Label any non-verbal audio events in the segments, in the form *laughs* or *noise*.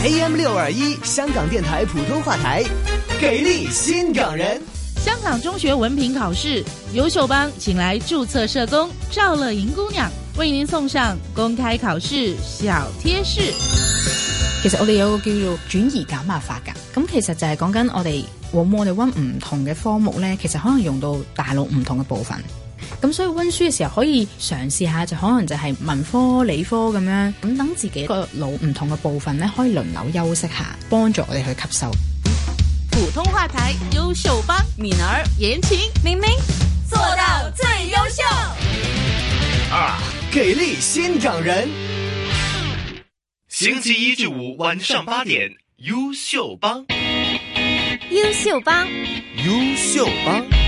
AM 六二一香港電台普通話台，給力新港人。香港中學文憑考試優秀班，請來註冊社工趙樂瑩姑娘為您送上公開考試小貼士。其實我哋有個叫做轉移減壓法噶，咁其實就係講緊我哋，我我哋溫唔同嘅科目咧，其實可能用到大陸唔同嘅部分。咁所以溫書嘅時候可以嘗試下，就可能就係文科、理科咁樣，咁等自己個腦唔同嘅部分咧，可以輪流休息下，幫助我哋去吸收。普通話台優秀班，敏兒言情，明明做到最優秀。二、啊、給力新港人，星期一至五晚上八點，優秀班，優秀班，優秀班。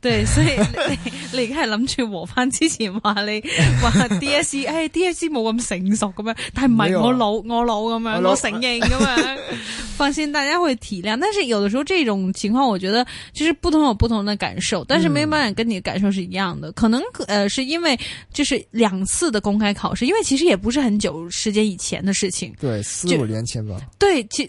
*laughs* 對，所以你你已經係諗住和翻之前話你話 D S C，哎 D S C 冇咁成熟咁樣，但係唔係我老、啊、我老咁樣，我，老樣我，老我承認咁樣。 *laughs* 放心，大家會體諒。但是有的時候這種情況，我覺得其實不同有不同的感受，但是沒辦法跟你的感受是一樣的、嗯。可能，呃，是因為就是兩次的公開考試，因為其實也不是很久時間以前的事情。對，四五年前吧。對，其。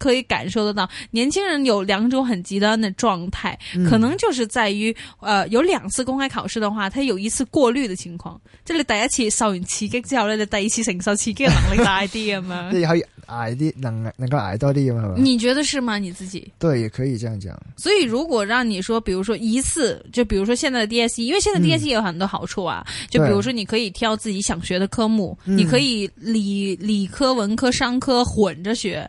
可以感受得到，年輕人有兩種很極端的狀態，嗯、可能就是在於，呃，有兩次公開考試的話，他有一次過濾的情況，即你第一次受完刺激之後呢，你第二次承受刺激的能力大一點，咁樣，你可以挨啲能能夠挨多啲，你覺得是嗎？你自己？對，也可以這樣講。所以，如果讓你說，比如說一次，就比如說現在的 DSE，因為現在的 DSE 也有很多好處啊、嗯，就比如說你可以挑自己想學的科目，你可以理理科、文科、商科混着學。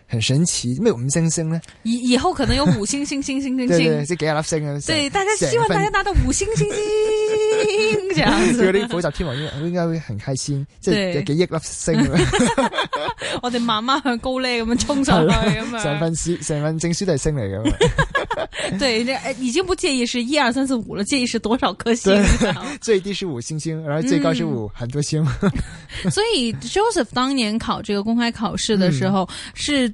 很神奇，咩五星星呢？以以後可能有五星星，星星星星，即 *laughs* 幾十粒星啊？對，大家希望大家拿到五星星星， *laughs* 這樣子。對，啲補習天王應該會很開心，即有幾億粒星、啊 *laughs* *laughs* 我媽媽。我哋慢慢向高呢咁樣衝上去，咁樣。上分書，上分證書都係星嚟嘅嘛？ *laughs* *laughs* 對、哎，已經不介意是一二三四五了，介意是多少顆星？最低是五星星，然後最高是五、嗯、很多星。 *laughs* 所以 Joseph 當年考這個公開考試的時候、嗯、是。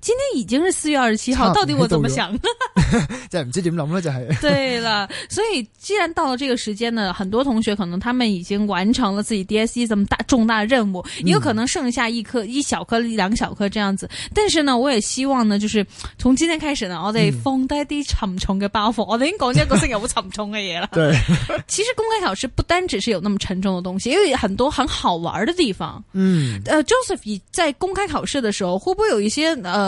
今天已經是四月二十七號，啊，到底我怎麼想？嗯、 *laughs* 不知道怎麼想就唔知點諗啦，就係。對啦，所以既然到了這個時間呢，很多同學可能他們已經完成了自己 DSE 這麼大重大的任務，也有可能剩下一顆、嗯、一小顆、一兩小顆這樣子。但是呢，我也希望呢，就是從今天開始呢，我哋放低啲沉重嘅包袱。我哋已經講咗一個星期好沉重嘅嘢啦。對， *laughs* 其實公開考試不單只是有那麼沉重的東西，因為很多很好玩的地方。嗯，呃、uh, Joseph 在公開考試的時候，會不會有一些呃。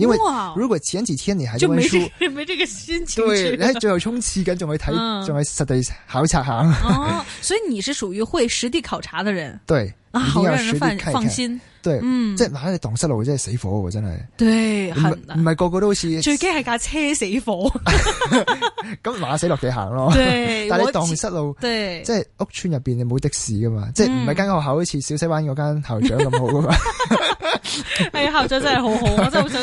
因為如果前幾天你還在溫書，就冇這個心情。對，你喺最後衝刺緊，仲去睇，仲去實地考察下。哦，所以你是屬於會實地考察的人。對，啊，好讓人放心。對，嗯，即係萬一你蕩失路，真係死火喎，真係。對，唔唔係個個都好似。最驚係架車死火，咁 *laughs* *laughs* 馬死落地行咯。對，但係你蕩失路，對，即係屋村入邊你冇的士噶嘛？即係唔係間學校好似小西灣嗰間校長咁好噶嘛、 *laughs* *laughs* 哎？校長真係好好， *laughs* 我真係好想。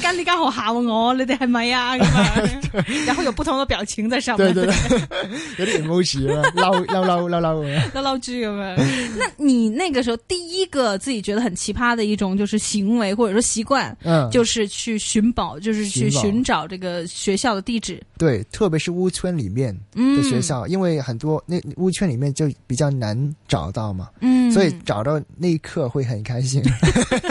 跟你家學校我，你哋係咪啊 *laughs* 對吧？ *laughs* 然後有不同的表情在上面，對對對有啲唔好笑啊，嬲嬲嬲嬲嬲嬲住咁嘛。撈撈有有 *laughs* 那你那個時候第一個自己覺得很奇葩的一種就是行為或者說習慣，嗯，就是去尋寶，就是去尋找這個學校的地址。對，特別是屋村裏面的學校，嗯，因為很多那屋村裏面就比較難找到嘛，嗯，所以找到那一刻會很開心。 *laughs*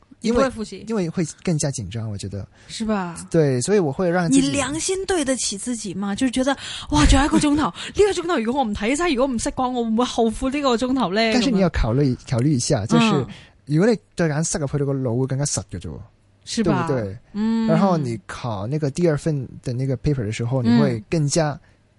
因為因為會更加緊張，我覺得是吧？對，所以我會讓你良心對得起自己嘛？就是覺得哇，仲有一個鐘頭，呢 *laughs* 個鐘頭，如果我唔睇晒，如果唔識講，我會唔會後悔呢個鐘頭呢？但是你要考慮考慮一下，就是、嗯、如果你對眼塞入去到個腦會更加實嘅啫，是吧？對不對，嗯，然後你考那個第二份的那個 paper 的時候，嗯、你會更加。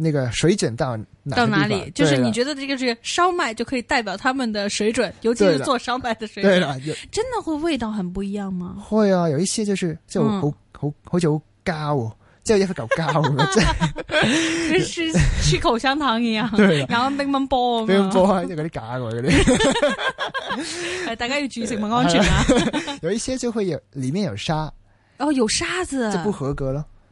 那個水準到哪到哪裏？就是你覺得這個是燒麥就可以代表他們的水準，尤其是做燒麥的水準。真的會味道很不一樣嗎？會啊，有一些就是就、嗯好就好，就好好好似好膠啊，即係一個嚿膠啊，就是吃口香糖一樣， *laughs* 對啊、然後乒乓波咁啊，有啲假嗰啲。大家要注意食品安全啊！ *laughs* *laughs* 有一些就會有裏面有沙哦，有沙子就不合格了。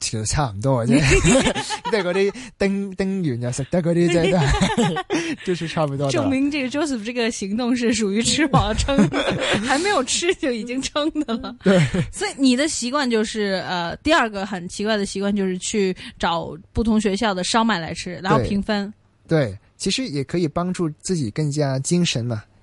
其實差唔多啊，啫，即係嗰啲叮叮完又食得嗰啲啫，都是差不多的。證明這個 Joseph 這個行動是屬於吃飽撐， *laughs* 還沒有吃就已經撐的了。對 *laughs* 所以你的習慣就是，呃，第二個很奇怪的習慣就是去找不同學校的燒賣來吃，然後平分對。對，其實也可以幫助自己更加精神嘛。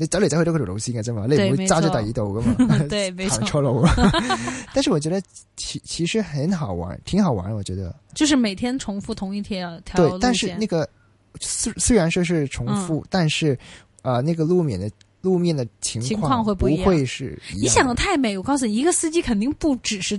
你走嚟走去都嗰條路線嘅啫嘛，你唔會揸住第二度噶嘛，對，行錯路。 *laughs* 出樓 *laughs* *laughs* 但是我覺得其其實很好玩，挺好玩，我覺得。就是每天重複同一天，啊，對，但是那個雖雖然說是重複，嗯、但是，啊、呃，那個路面的路面的情況情況會不一樣，不會是的。你想得太美，我告訴你，一個司機肯定不只是。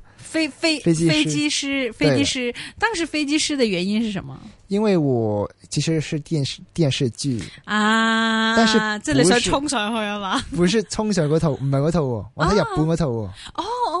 飛飛飛機師飛機師，當時飛,飛機師的原因是什麼？因為我其實是電視電視劇啊，但是即係你想衝上去啊嘛？唔係衝上嗰套，唔係嗰套，我喺日本嗰套。哦。哦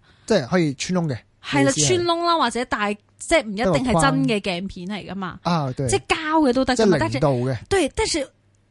即係可以穿窿嘅，係啦，穿窿啦，或者戴，即係唔一定係真嘅鏡片嚟噶嘛，啊，即係膠嘅都得，即係唔到嘅，對，但是。但是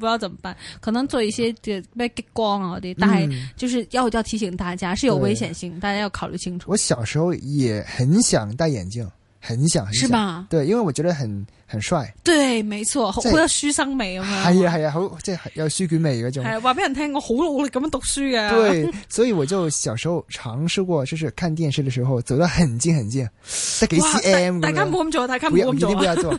不知道怎麼辦，可能做一些就被激光啊的，但就是要要提醒大家是有危險性、嗯，大家要考慮清楚。我小時候也很想戴眼鏡，很想，很想，是吧？對，因為我覺得很很帥。對，沒錯，我要書生味有沒有？哎呀，哎呀，好，這要書生味那種。係啊，話俾人聽，我好努力咁樣讀書嘅、啊。對，所以我就小時候嘗試過，就是看電視的時候走得很近很近，得幾 CM 咁樣。大家唔好咁做，大家唔好咁做。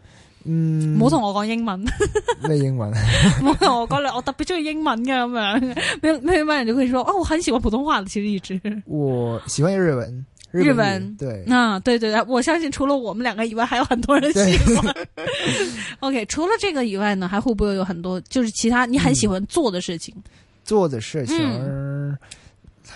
嗯，冇同我講英文。咩 *laughs* 英文？冇同我講，我特別中意英文嘅咁樣。咩咩咩你就可以說，哦，我很喜歡普通話的，其實一直。我喜歡日文，日，日文對，啊，對對對，我相信除了我們兩個以外，還有很多人喜歡。 *laughs* OK，除了這個以外呢，還會不會有很多，就是其他你很喜歡做的事情？嗯、做的事情。嗯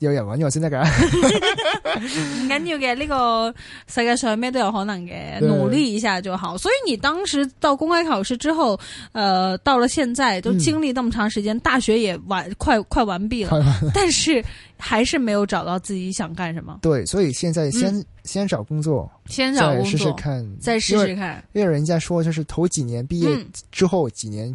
有人揾我先得噶，唔緊要嘅，呢個世界上咩都有可能嘅，努力一下就好。所以你當時到公開考試之後，呃，到了現在都經歷那麼長時間、嗯，大學也完，快快完畢了， *laughs* 但是還是沒有找到自己想幹什麼。對，所以現在先、嗯、先找工作，先找試試看，再試試看，因為人家說就是頭幾年畢業之後、嗯、幾年。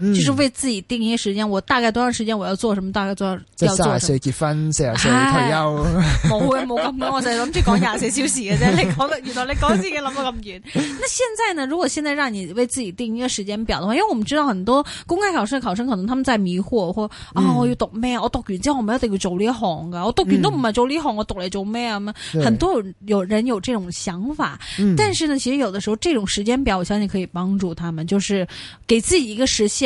就、嗯、是為自己定一些時間，我大概多長時間我要做什麼？大概多少要做什麼？三十歲結婚，四十歲退休，冇啊冇咁樣，我就諗住講廿四小時嘅啫。 *laughs* 你講得原來你講自己諗到咁遠。 *laughs* 那現在呢？如果現在讓你為自己定一個時間表的話，因為我們知道很多公開考試的考生，可能他們在迷惑，或、嗯、啊我要讀咩？我讀完之後，我唔一定要做呢一行噶？我讀完都唔係做呢行、嗯，我讀嚟做咩啊？咁樣，很多有人有有這種想法。嗯，但是呢，其實有的時候這種時間表，我相信可以幫助他們，就是給自己一個實現。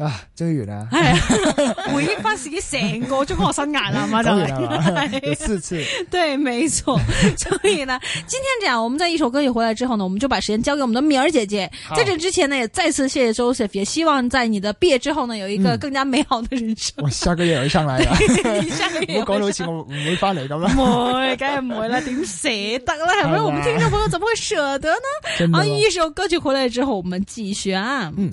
啊，終於啦！係、哎、 *laughs* 回憶返自己成個中學生涯了媽就。有四次。 *laughs* 對，沒錯。 *laughs* *laughs* 所以呢今天這樣，我們在一首歌曲回來之後呢，我們就把時間交給我們的敏兒姐姐。在這之前呢，也再次謝謝 Joseph，也希望在你的畢業之後呢，有一個更加美好的人生。嗯、 *laughs* 我下個月會上來的 *laughs* *laughs* 下個月我。我講得好似，我唔會翻嚟噶啦。唔會，梗係唔會啦，點捨得咧？係咪？我們聽眾朋友怎麼會捨得呢？啊，一首歌曲回來之後，我們繼續啊， *laughs* 嗯。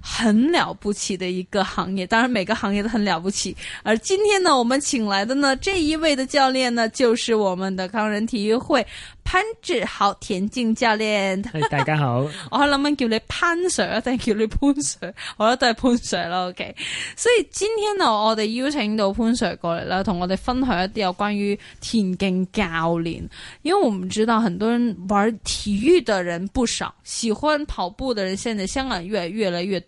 很了不起的一個行業，當然每個行業都很了不起。而今天呢，我們請來的呢這一位的教練呢，就是我們的康人體育會潘志豪田徑教練。大家好， *laughs* 我諗緊叫你潘 Sir 啊，但叫你潘 Sir，我都係潘 Sir 啦。OK，所以今天呢，我哋邀請到潘 Sir 過嚟啦，同我哋分享一啲有關於田徑教練，因為我們知道很多人玩體育的人不少，喜歡跑步的人現在香港越越來越多。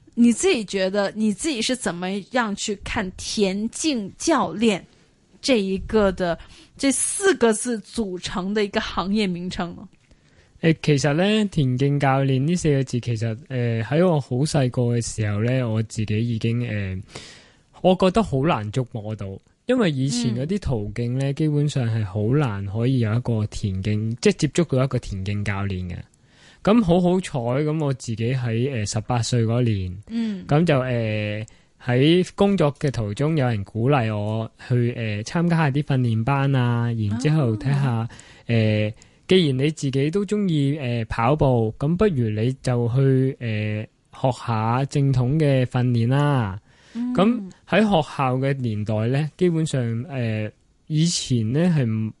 你自己覺得你自己是怎麼樣去看田徑教練這一個的這四個字組成的一個行業名稱呢？誒，其實呢，田徑教練呢四個字，其實誒喺、呃、我好細個嘅時候呢，我自己已經誒、呃，我覺得好難捉摸到，因為以前嗰啲途徑呢，嗯、基本上係好難可以有一個田徑，即係接觸到一個田徑教練嘅。咁好好彩，咁我自己喺誒十八歲嗰年，咁、嗯、就誒喺、呃、工作嘅途中，有人鼓勵我去誒、呃、參加下啲訓練班啊，然之後睇下誒，既然你自己都中意、呃、跑步，咁不如你就去誒、呃、學下正統嘅訓練啦。咁、嗯、喺學校嘅年代咧，基本上誒、呃、以前咧係唔～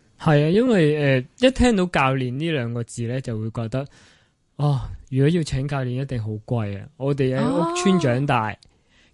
係啊，因為誒、呃、一聽到教練呢兩個字咧，就會覺得哦，如果要請教練一定好貴啊！我哋喺屋村長大，哦、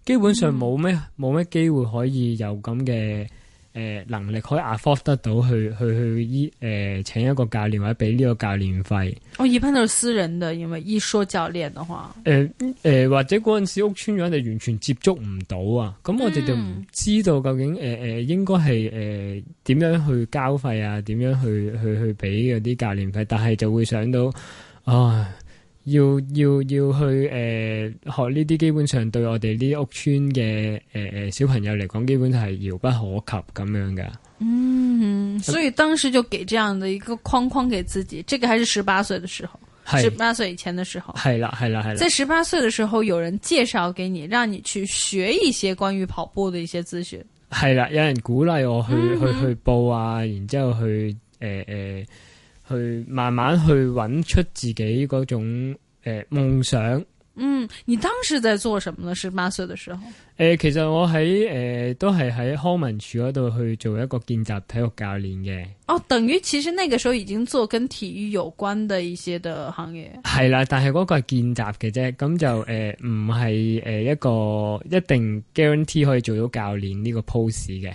基本上冇咩冇咩機會可以有咁嘅。誒，能力可以 afford 得到去去去醫誒、呃，請一個教練或者俾呢個教練費。我一般都係私人嘅，因為一說教練嘅話，誒、呃、誒、呃，或者嗰陣時屋村咗，我哋完全接觸唔到啊。咁我哋就唔知道究竟誒誒、呃呃，應該係誒點樣去交費啊？點樣去去去俾嗰啲教練費？但係就會想到，唉。要要要去誒、呃、學呢啲，基本上對我哋呢屋村嘅、呃、小朋友嚟講，基本上係遙不可及咁樣㗎。嗯，所以當時就給這樣的一個框框給自己。這個還是十八歲的時候，十八歲以前的時候，係啦係啦係啦，在十八歲的時候，有人介紹給你，讓你去學一些關於跑步的一些資訊。係啦，有人鼓勵我去、嗯、去去，去報啊，然之後去誒誒。呃呃去慢慢去搵出自己嗰種誒夢想。嗯，你當時在做什麼呢？十八歲的時候？誒，其實我喺誒都係喺康文署嗰度去做一個見習體育教練嘅。哦，等於其實那個時候已經做跟體育有關的一些的行業。係啦，但係嗰個係見習嘅啫，咁就誒唔係誒一個一定 guarantee 可以做到教練呢個 pose 嘅。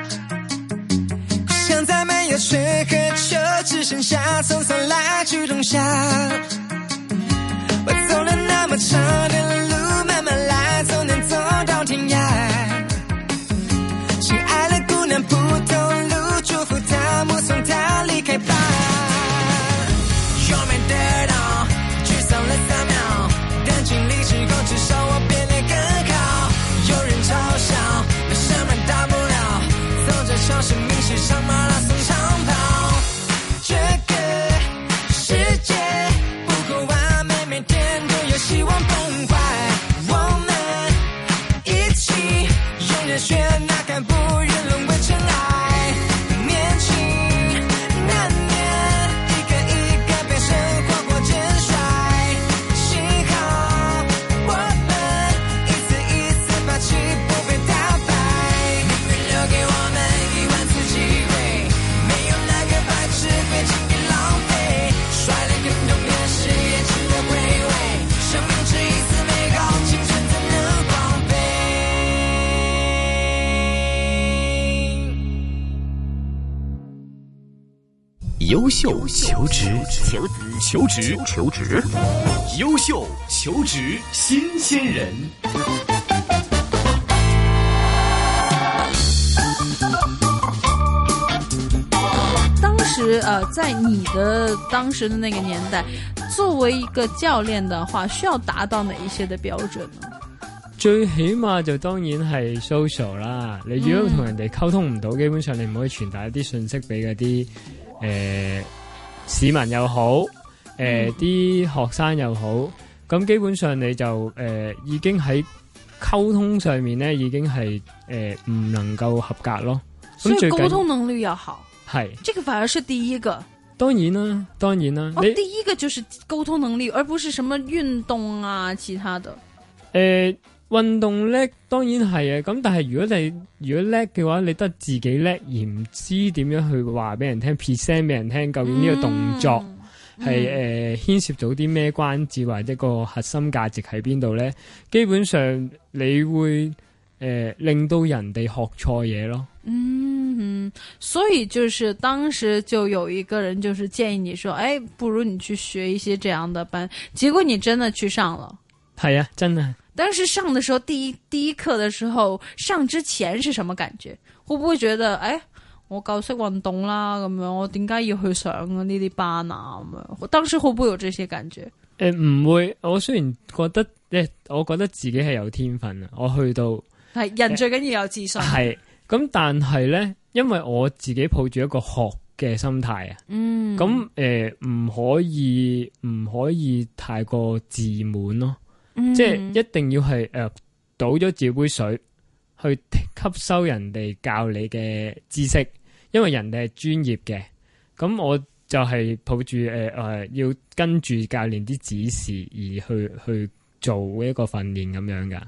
求職，求職，求職，求職，優秀求職新鮮人。當時呃，在你的當時的那個年代，作為一個教練的話，需要達到哪一些的標準呢？最起碼就當然係 social 啦。你如果同人哋溝通唔到、嗯，基本上你唔可以傳達一啲信息俾嗰啲誒。呃市民又好，誒、呃，啲學生又好，咁基本上你就誒、呃、已經喺溝通上面咧，已經係誒唔能夠合格咯。所以溝通能力要好，係，這個反而是第一個。當然啦，當然啦，哦、你第一個就是溝通能力，而不是什麼運動啊，其他的，誒、呃。運動叻當然係啊，咁但係如果你如果叻嘅話，你得自己叻而唔知點樣去話俾人聽，present 俾人聽，究竟呢個動作係誒牽涉到啲咩關節或者一個核心價值喺邊度呢？基本上你會誒、呃、令到人哋學錯嘢咯。嗯、mm -hmm.，所以就是當時就有一個人就是建議你說，誒、哎、不如你去學一些這樣的班，結果你真的去上了。係啊，真的當時上的時候，第一第一課的時候，上之前是什麼感覺？會不會覺得，誒、欸，我搞錯運動啦，咁樣我點解要去上呢啲班啊？咁樣，當時會不會有這些感覺？誒、欸，唔會。我雖然覺得，誒、欸，我覺得自己係有天分啊。我去到係人最緊要有自信。係、欸、咁，但係咧，因為我自己抱住一個學嘅心態啊。嗯。咁誒，唔、欸、可以唔可以太過自滿咯。即係一定要係誒、呃、倒咗自己杯水去吸收人哋教你嘅知識，因為人哋係專業嘅，咁我就係抱住誒誒要跟住教練啲指示而去去做呢一個訓練咁樣噶。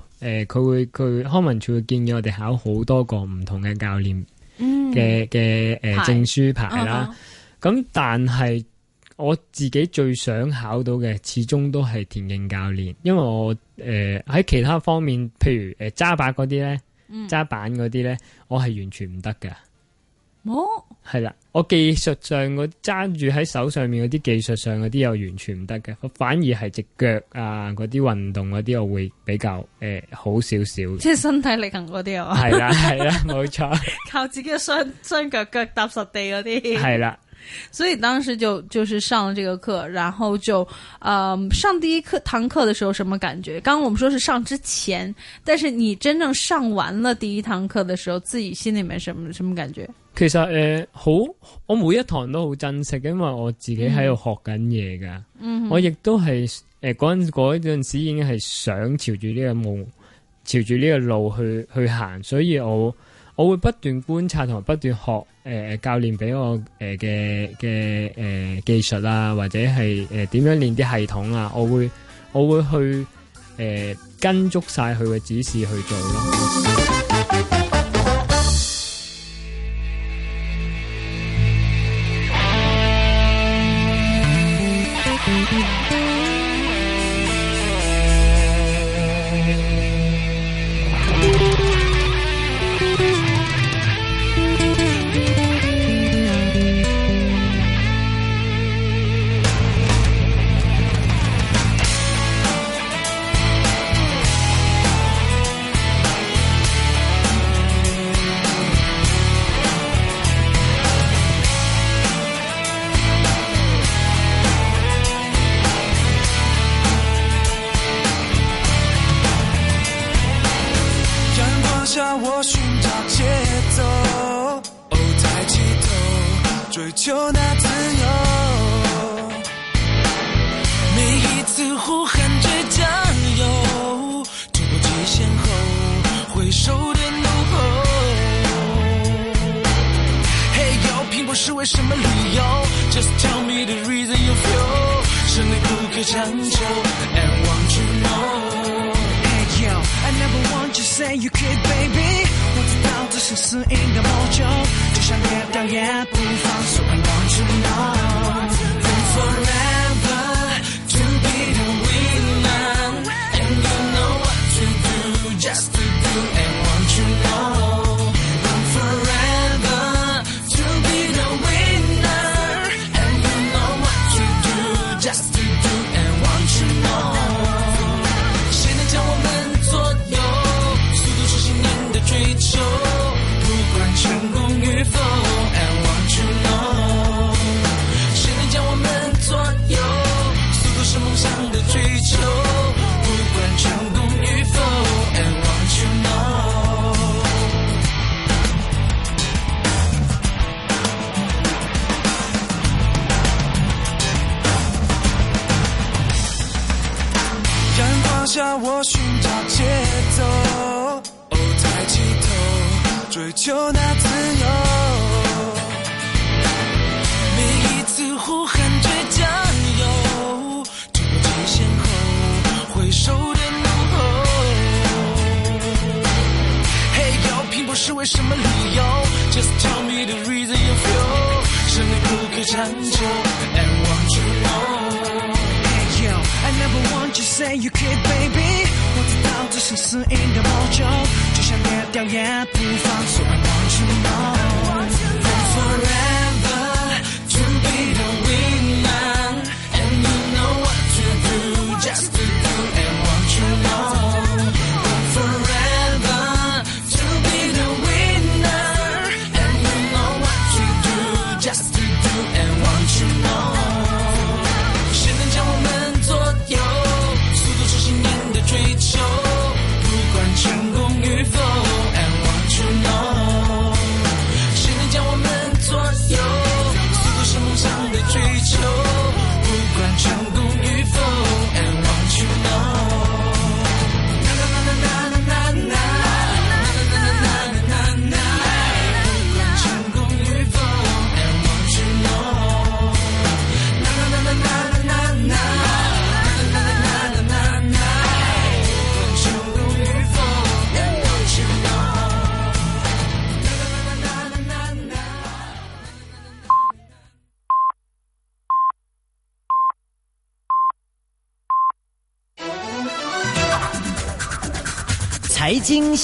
誒、呃、佢會佢康文署會建議我哋考好多個唔同嘅教練嘅嘅誒證書牌啦，咁、嗯 okay. 但係我自己最想考到嘅始終都係田徑教練，因為我誒喺其他方面譬如誒揸、呃、把嗰啲咧，揸板嗰啲咧，我係完全唔得嘅。冇、哦？係啦，我技術上我揸住喺手上面嗰啲技術上嗰啲又完全唔得嘅，反而係隻腳啊嗰啲運動嗰啲我會比較誒、欸、好少少，即係身體力行嗰啲啊，係啦係啦冇錯，靠自己嘅雙雙腳腳踏實地嗰啲，係啦。所以當時就就是上了這個課，然後就，呃、上第一課堂課的時候，什麼感覺？剛剛我們說是上之前，但是你真正上完了第一堂課的時候，自己心裏面什麼什麼感覺？其實誒、呃，好，我每一堂都好珍惜嘅，因為我自己喺度學緊嘢噶，我亦都係誒嗰陣嗰陣時已經係想朝住呢個夢，朝住呢個路去去行，所以我。我會不斷觀察同埋不斷學，誒、呃、誒教練俾我誒嘅嘅誒技術啊或者係誒點樣練啲系統啊，我會我會去誒、呃、跟足晒佢嘅指示去做咯。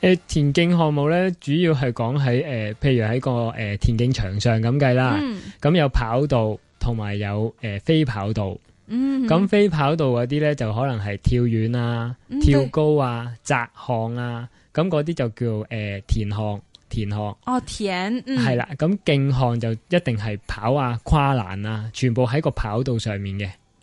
誒、呃，田徑項目咧，主要係講喺誒，譬如喺個誒、呃、田徑場上咁計啦，咁、嗯、有跑道同埋有誒非、呃、跑道，咁、嗯、非跑道嗰啲咧就可能係跳遠啊、嗯、跳高啊、擲項啊，咁嗰啲就叫誒、呃、田項田項哦，田係、嗯、啦，咁徑項就一定係跑啊、跨欄啊，全部喺個跑道上面嘅。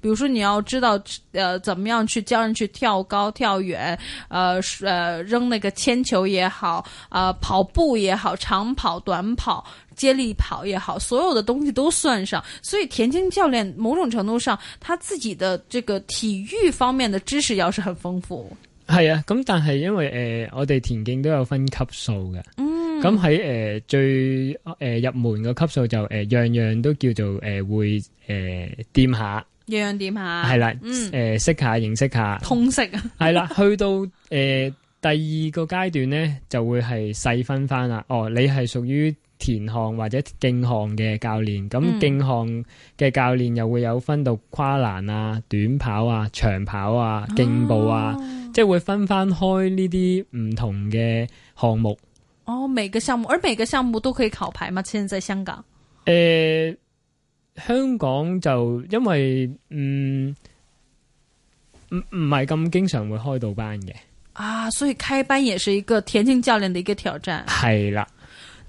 比如說，你要知道，呃，怎麼樣去教人去跳高、跳遠，呃，呃，扔那個鉛球也好，啊、呃，跑步也好，長跑、短跑、接力跑也好，所有的東西都算上。所以，田徑教練某種程度上，他自己的這個體育方面的知識要是很豐富。係啊，咁但係因為誒、呃，我哋田徑都有分級數嘅，嗯，咁喺誒最誒、呃、入門嘅級數就誒、呃、樣樣都叫做誒、呃、會誒掂、呃、下。樣樣點吓？係啦、嗯，誒，識下認識下，通識啊。係 *laughs* 啦，去到誒、呃、第二個階段咧，就會係細分翻啦。哦，你係屬於田項或者徑項嘅教練，咁徑項嘅教練又會有分到跨欄啊、短跑啊、長跑啊、競步啊，啊即係會分翻開呢啲唔同嘅項目。哦，每個項目，而每個項目都可以考牌嘛，現在，在香港？誒、呃。香港就因為嗯，唔唔係咁經常會開到班嘅啊，所以開班也是一個田徑教練的一個挑戰。係啦。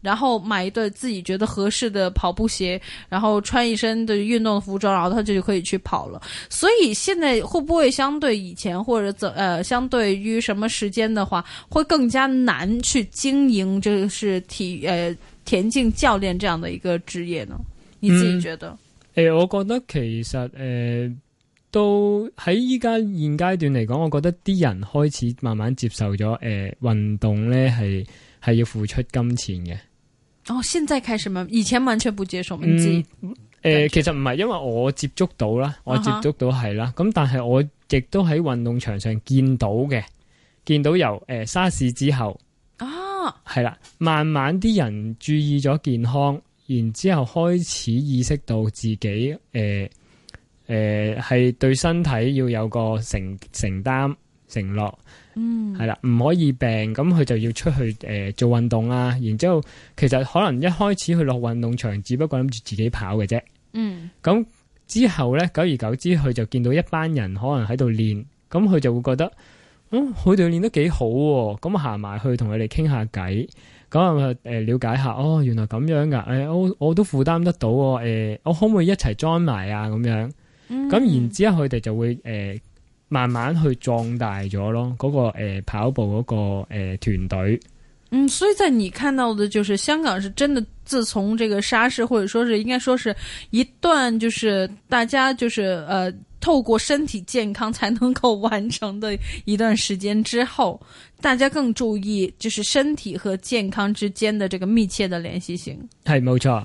然後買一對自己覺得合適的跑步鞋，然後穿一身的運動服裝，然後他就就可以去跑了。所以現在會不會相對以前或者呃，相對於什麼時間的話，會更加難去經營，就是體呃田徑教練這樣的一個職業呢？你自己覺得？誒、嗯呃，我覺得其實誒，都喺依家現階段嚟講，我覺得啲人開始慢慢接受咗誒、呃，運動咧係係要付出金錢嘅。哦，現在開始嘛？以前完全不接受。嗯，誒、呃，其實唔係，因為我接觸到啦，我接觸到係啦。咁、啊、但係我亦都喺運動場上見到嘅，見到由誒、呃、沙士之後，哦、啊，係啦，慢慢啲人注意咗健康，然之後開始意識到自己誒誒係對身體要有個承承擔承諾。嗯，係啦，唔可以病，咁佢就要出去誒、呃、做運動啦、啊。然之後，其實可能一開始去落運動場，只不過諗住自己跑嘅啫。嗯，咁之後咧，久而久之，佢就見到一班人可能喺度練，咁佢就會覺得，嗯，佢哋練得幾好、啊，咁行埋去同佢哋傾下偈，咁啊誒了解下，哦，原來咁樣噶，誒、欸，我我都負擔得到，誒、欸，我可唔可以一齊 join 埋啊？咁樣，咁、嗯、然之後佢哋就會誒。呃慢慢去壯大咗咯，嗰個誒跑步嗰個誒團隊。嗯，所以在你看到的，就是香港是真的自從這個沙士或者說是應該說是一段，就是大家就是，呃透過身體健康才能夠完成的一段時間之後，大家更注意就是身體和健康之間的這個密切的聯繫性。係，冇錯。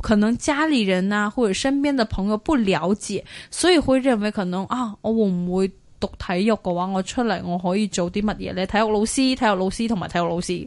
可能家裏人啊，或者身邊嘅朋友不了解，所以會認為可能啊，我會唔會讀體育嘅話，我出嚟我可以做啲乜嘢咧？體育老師、體育老師同埋體育老師。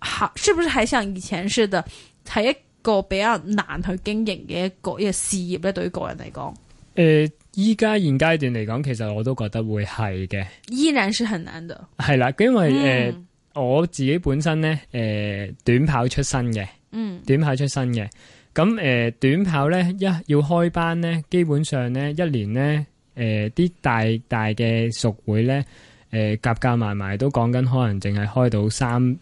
係，是不是還像以前似的，係一個比較難去經營嘅一個事業咧？對於個人嚟講，誒、呃，依家現階段嚟講，其實我都覺得會係嘅，依然是很難的。係啦，因為誒、嗯呃、我自己本身咧，誒短跑出身嘅，嗯，短跑出身嘅，咁誒短跑咧、嗯呃、一要開班咧，基本上咧一年咧，誒、呃、啲大大嘅熟會咧，誒夾夾埋埋都講緊，可能淨係開到三。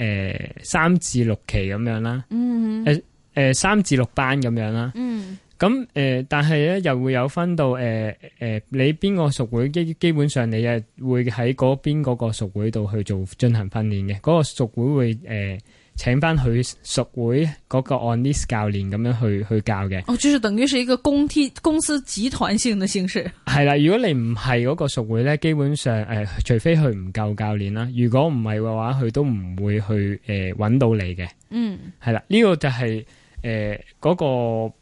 誒、呃，三至六期咁樣啦，誒、嗯、誒、呃呃，三至六班咁樣啦。咁、嗯、誒、呃，但係咧又會有分到誒誒、呃呃，你邊個屬會基基本上你啊會喺嗰邊嗰個屬會度去做進行訓練嘅，嗰、那個屬會會誒。呃請返佢屬會嗰個 on list 教練咁樣去去教嘅，哦，即、就是等於是一個公天公司集團性嘅形式。係啦，如果你唔係嗰個屬會咧，基本上誒、呃，除非佢唔夠教練啦，如果唔係嘅話，佢都唔會去誒揾、呃、到你嘅。嗯，係啦，呢、這個就係誒嗰個誒、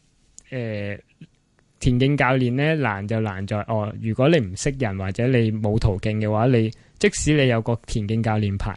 呃、田徑教練咧，難就難在，哦，如果你唔識人或者你冇途徑嘅話，你即使你有個田徑教練牌。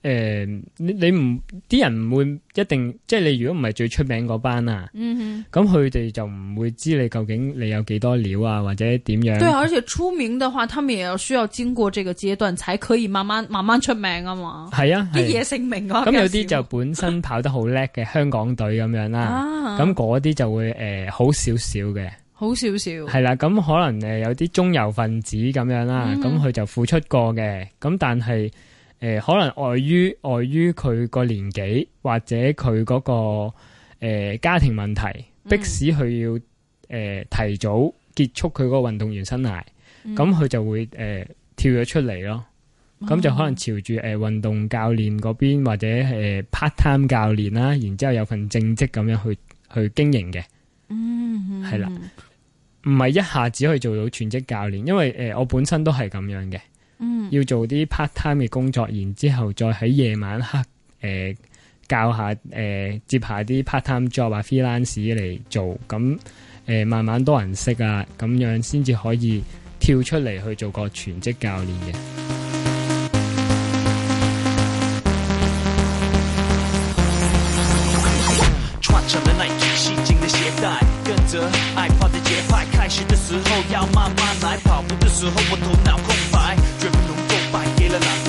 誒、呃，你你唔啲人唔會一定，即係你如果唔係最出名嗰班啊，咁佢哋就唔會知你究竟你有幾多料啊，或者點樣？對，而且出名嘅話，他們也要需要經過這個階段，才可以慢慢慢慢出名啊嘛。係啊，一夜成名啊。咁有啲就本身跑得好叻嘅香港隊咁樣啦，咁嗰啲就會誒好少少嘅。好少少。係啦，咁、啊、可能誒有啲中游分子咁樣啦，咁、嗯、佢就付出過嘅，咁但係。誒、呃，可能礙於礙於佢個年紀或者佢嗰、那個誒、呃、家庭問題，嗯、迫使佢要誒、呃、提早結束佢嗰個運動員生涯，咁、嗯、佢就會誒、呃、跳咗出嚟咯。咁就可能朝住誒運動教練嗰邊或者係、呃、part time 教練啦，然之後有份正職咁樣去去經營嘅。嗯，係、嗯、啦，唔係一下子可以做到全職教練，因為誒、呃、我本身都係咁樣嘅。要做啲 part time 嘅工作，然之後再喺夜晚黑，誒、呃、教下，誒、呃、接一下啲 part time job 啊 freelance 嚟做，咁誒、呃、慢慢多人識啊，咁樣先至可以跳出嚟去做個全職教練嘅。嗯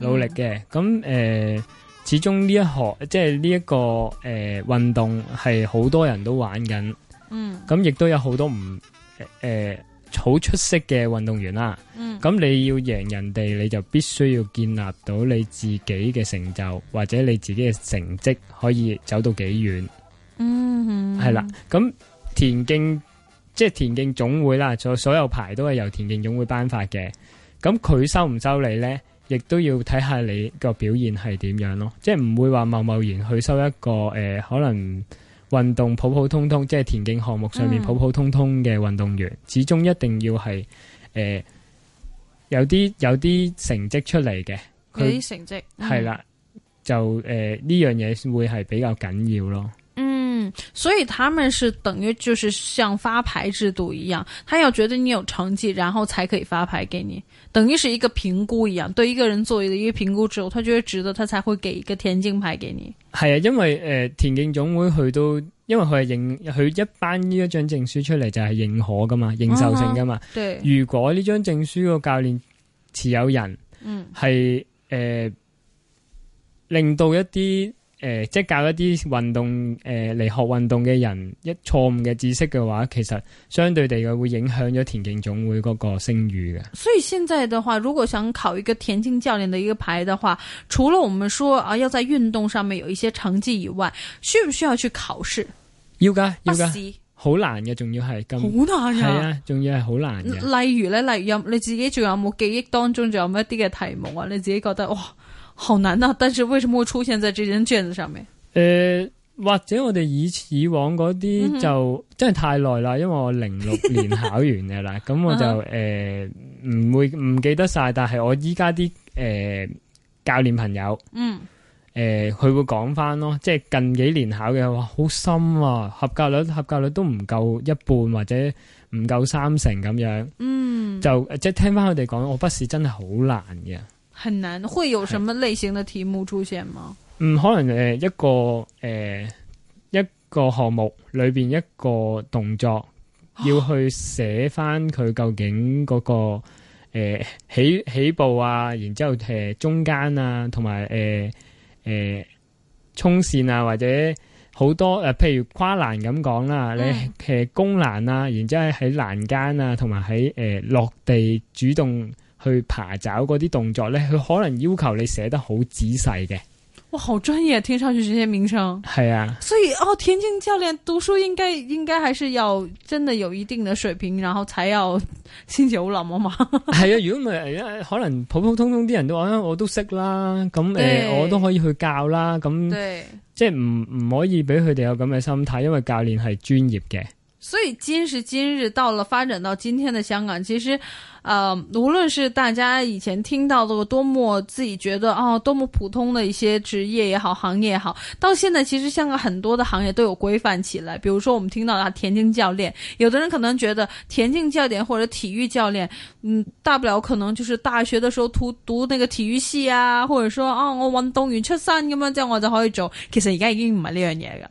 努力嘅，咁誒，始終呢一學，即係呢一個誒運、呃、動係好多人都玩緊，嗯，咁亦都有好多唔誒好出色嘅運動員啦。嗯，咁你要贏人哋，你就必須要建立到你自己嘅成就或者你自己嘅成績可以走到幾遠。嗯，係、嗯、啦。咁田徑即係田徑總會啦，所有牌都係由田徑總會頒發嘅。咁佢收唔收你咧？亦都要睇下你個表現係點樣咯，即係唔會話貿貿然去收一個、呃、可能運動普普通通，即係田徑項目上面普普通通嘅運動員、嗯，始終一定要係、呃、有啲有啲成績出嚟嘅。佢啲成績係啦，就、呃、呢樣嘢會係比較緊要咯。所以他們是等於就是像發牌制度一樣，他要覺得你有成績，然後才可以發牌給你，等於是一個評估一樣，對一個人做一個評估之後，他覺得值得，他才會給一個田徑牌給你。係啊，因為誒、呃，田徑總會去到，因為佢係認佢一頒呢一張證書出嚟就係認可噶嘛，認受性噶嘛、嗯。對，如果呢張證書個教練持有人，嗯，係誒、呃、令到一啲。誒、呃，即係教一啲運動誒嚟、呃、學運動嘅人一錯誤嘅知識嘅話，其實相對地嘅會影響咗田徑總會嗰個聲譽嘅。所以現在嘅話，如果想考一個田徑教練嘅一個牌嘅話，除了我們說啊，要在運動上面有一些成績以外，需唔需要去考試？要噶，要噶，好難嘅，仲要係咁好難啊，係啊，仲要係好難嘅。例如咧，例如有你自己，仲有冇記憶當中仲有冇一啲嘅題目啊？你自己覺得哇？好難啊！但是為什麼會出現在這張卷子上面？誒、呃，或者我哋以以往嗰啲就、嗯、真係太耐啦，因為我零六年考完嘅啦，咁 *laughs* 我就誒唔、呃啊、會唔記得晒。但係我依家啲誒教練朋友，嗯，誒、呃、佢會講翻咯，即係近幾年考嘅話，好深啊，合格率合格率都唔夠一半或者唔夠三成咁樣，嗯，就即係聽翻佢哋講，我筆試真係好難嘅。很難，會有什麼類型的題目出現嗎？嗯，可能誒一個誒、呃、一個項目裏邊一個動作，要去寫翻佢究竟嗰、那個誒、呃、起起步啊，然之後誒、呃、中間啊，同埋誒誒衝線啊，或者好多誒、呃，譬如跨欄咁講啦，你誒攻欄啊，然之後喺欄間啊，同埋喺誒落地主動。去爬找嗰啲動作咧，佢可能要求你寫得好仔細嘅。哇，好專業，聽上去這些名稱。係啊，所以哦，田徑教練讀書應該應該還是要真的有一定的水平，然後才要先至好諗啊嘛。係 *laughs* 啊，如果唔係，可能普普通通啲人都說，啊，我都識啦，咁、啊、誒、啊啊呃，我都可以去教啦，咁、啊啊、即係唔唔可以俾佢哋有咁嘅心態，因為教練係專業嘅。所以今時今日，到了發展到今天的香港，其實，呃，無論是大家以前聽到的多麼自己覺得哦多麼普通的一些職業也好，行業也好，到現在其實香港很多的行業都有規範起來。比如說我們聽到的田徑教練，有的人可能覺得田徑教練或者體育教練，嗯，大不了可能就是大學的時候讀讀那個體育系啊，或者說啊我往運動員出身咁樣，這樣我就可以做，其實而家已經唔係呢樣嘢噶。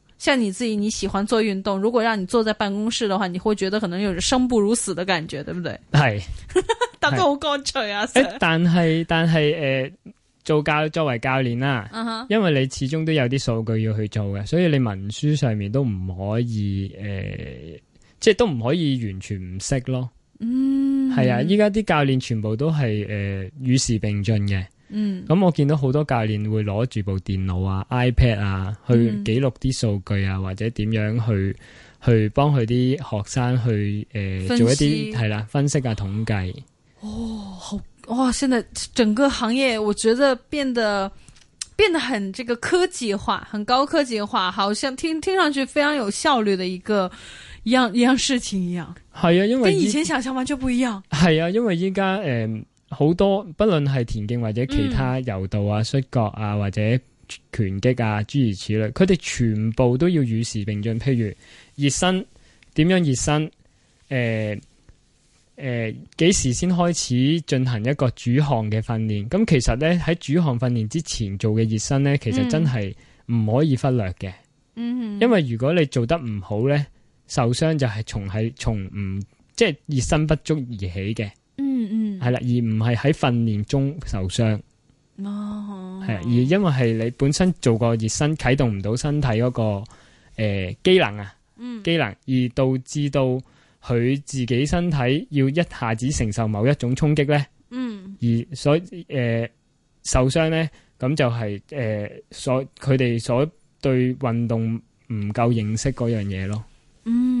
像你自己，你喜歡做運動。如果讓你坐在辦公室的話，你會覺得可能有生不如死的感覺，對不對？係、 *laughs* 好乾脆啊，但係但係但係誒，做教作為教練啦、啊，uh -huh。因為你始終都有啲數據要去做嘅，所以你文書上面都唔可以誒、呃，即係都唔可以完全唔識咯。嗯，係啊，依家啲教練全部都係誒與時並進嘅。嗯，咁我見到好多教練會攞住部電腦啊、iPad 啊去記錄啲數據啊，嗯、或者點樣去去幫佢啲學生去誒、呃、做一啲係啦分析啊統計。哦，好哇！現在整個行業我覺得變得變得很這個科技化，很高科技化，好像聽聽上去非常有效率的一個一樣一樣事情一樣。係啊，因為跟以前想象完全不一樣。係啊，因為依家誒。呃好多不論係田徑或者其他柔道啊、摔角啊或者拳擊啊諸如此類，佢哋全部都要與時並進。譬如熱身，點樣熱身？誒、呃、誒，呃，幾時先開始進行一個主項嘅訓練？咁其實咧，喺主項訓練之前做嘅熱身咧，其實真係唔可以忽略嘅。嗯，因為如果你做得唔好咧，受傷就係從係從唔即係熱身不足而起嘅。嗯嗯，係啦，而唔係喺訓練中受傷哦，係啊，而因為係你本身做過熱身，啟動唔到身體嗰個誒機能啊，嗯，機能，而導致到佢自己身體要一下子承受某一種衝擊咧，嗯，而所，誒，受傷咧，咁就係，誒，所，佢哋所對運動唔夠認識嗰樣嘢咯，嗯。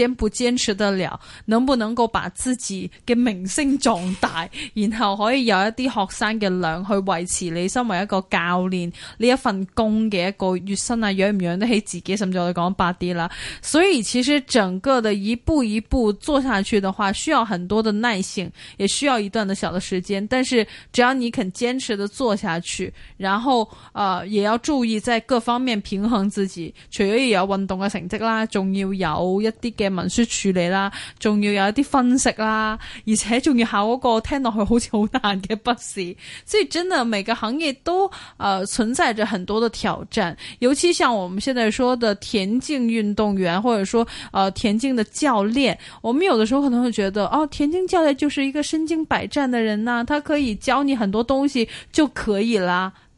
堅不堅持得了，能不能夠把自己嘅名聲壯大， *laughs* 然後可以有一啲學生嘅量去維持你身為一個教練呢一 *laughs* 份工嘅一個月薪啊，養唔養得起自己？甚至我哋講白啲啦，所以其實整個的一步一步做下去的話，需要很多的耐性，也需要一段的小的時間。但是只要你肯堅持的做下去，然後，誒、呃，也要注意在各方面平衡自己，除咗要有運動嘅成績啦，仲要有一啲嘅。文書處理啦，仲要有一啲分析啦，而且仲要考嗰個聽落去好似好難嘅筆試。所以真的每個行業都誒、呃、存在着很多的挑戰，尤其像我們現在說的田徑運動員，或者說誒、呃、田徑的教練，我們有的時候可能會覺得，哦，田徑教練就是一個身經百戰的人呐、啊，他可以教你很多東西就可以啦。